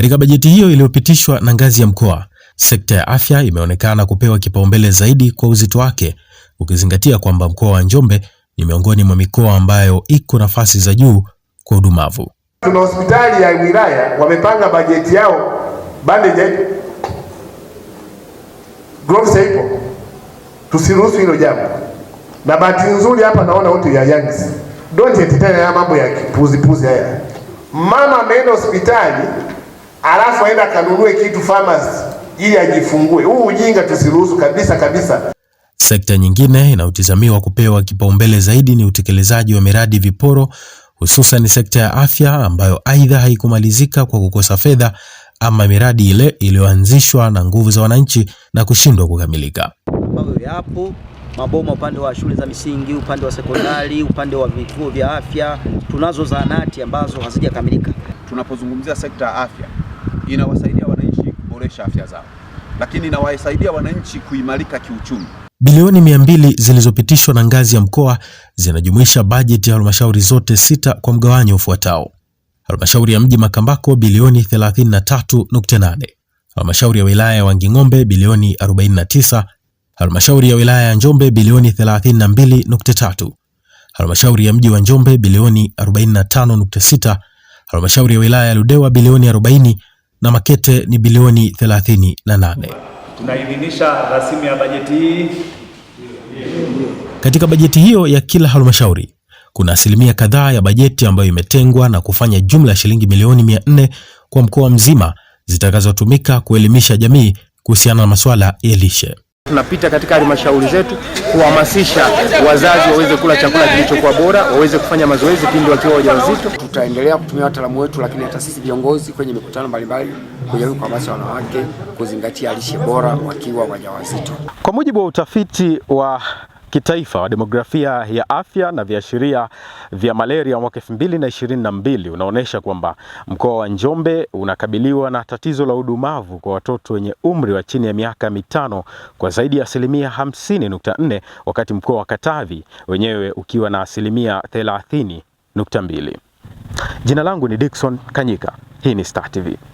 Katika bajeti hiyo iliyopitishwa na ngazi ya mkoa, sekta ya afya imeonekana kupewa kipaumbele zaidi kwa uzito wake, ukizingatia kwamba mkoa wa Njombe ni miongoni mwa mikoa ambayo iko nafasi za juu kwa udumavu. Tuna hospitali ya wilaya wamepanga bajeti yao bandage gloves ipo, tusiruhusu hilo jambo. Na bahati nzuri hapa naona watu ya yangs don't entertain haya mambo ya kipuzi puzi haya. Mama ameenda hospitali alafu aenda kanunue kitu pharmacy ili ajifungue. Huu ujinga tusiruhusu kabisa kabisa. Sekta nyingine inayotizamiwa kupewa kipaumbele zaidi ni utekelezaji wa miradi viporo, hususan sekta ya afya ambayo aidha haikumalizika kwa kukosa fedha ama miradi ile iliyoanzishwa na nguvu za wananchi na kushindwa kukamilika. Ambayo yapo maboma upande wa shule za misingi, upande wa sekondari, upande wa vituo vya afya, tunazo zahanati ambazo hazijakamilika. Tunapozungumzia sekta ya afya inawasaidia wananchi kuboresha afya zao, lakini inawasaidia wananchi kuimarika kiuchumi. Bilioni mia mbili zilizopitishwa na ngazi ya mkoa zinajumuisha bajeti ya halmashauri zote sita kwa mgawanyo ufuatao: halmashauri ya mji Makambako bilioni 33.8, halmashauri ya wilaya ya Wanging'ombe bilioni 49, halmashauri ya wilaya ya Njombe bilioni 32.3, halmashauri ya mji wa Njombe bilioni 45.6, halmashauri ya wilaya ya Ludewa bilioni na Makete ni bilioni 38. Tunaidhinisha rasimu ya bajeti hii. Katika bajeti hiyo ya kila halmashauri kuna asilimia kadhaa ya bajeti ambayo imetengwa na kufanya jumla ya shilingi milioni 400 kwa mkoa mzima zitakazotumika kuelimisha jamii kuhusiana na masuala ya lishe. Tunapita katika halmashauri zetu kuhamasisha wazazi waweze kula chakula kilichokuwa bora, waweze kufanya mazoezi pindi wakiwa wajawazito. Tutaendelea kutumia wataalamu wetu, lakini hata sisi viongozi kwenye mikutano mbalimbali kujaribu kuhamasisha wanawake kuzingatia lishe bora wakiwa wajawazito. Kwa mujibu wa utafiti wa kitaifa wa demografia ya afya na viashiria vya malaria mwaka 2022 unaonyesha kwamba mkoa wa Njombe unakabiliwa na tatizo la udumavu kwa watoto wenye umri wa chini ya miaka mitano kwa zaidi ya asilimia 50.4, wakati mkoa wa Katavi wenyewe ukiwa na asilimia 30.2. Jina langu ni Dickson Kanyika. Hii ni Star TV.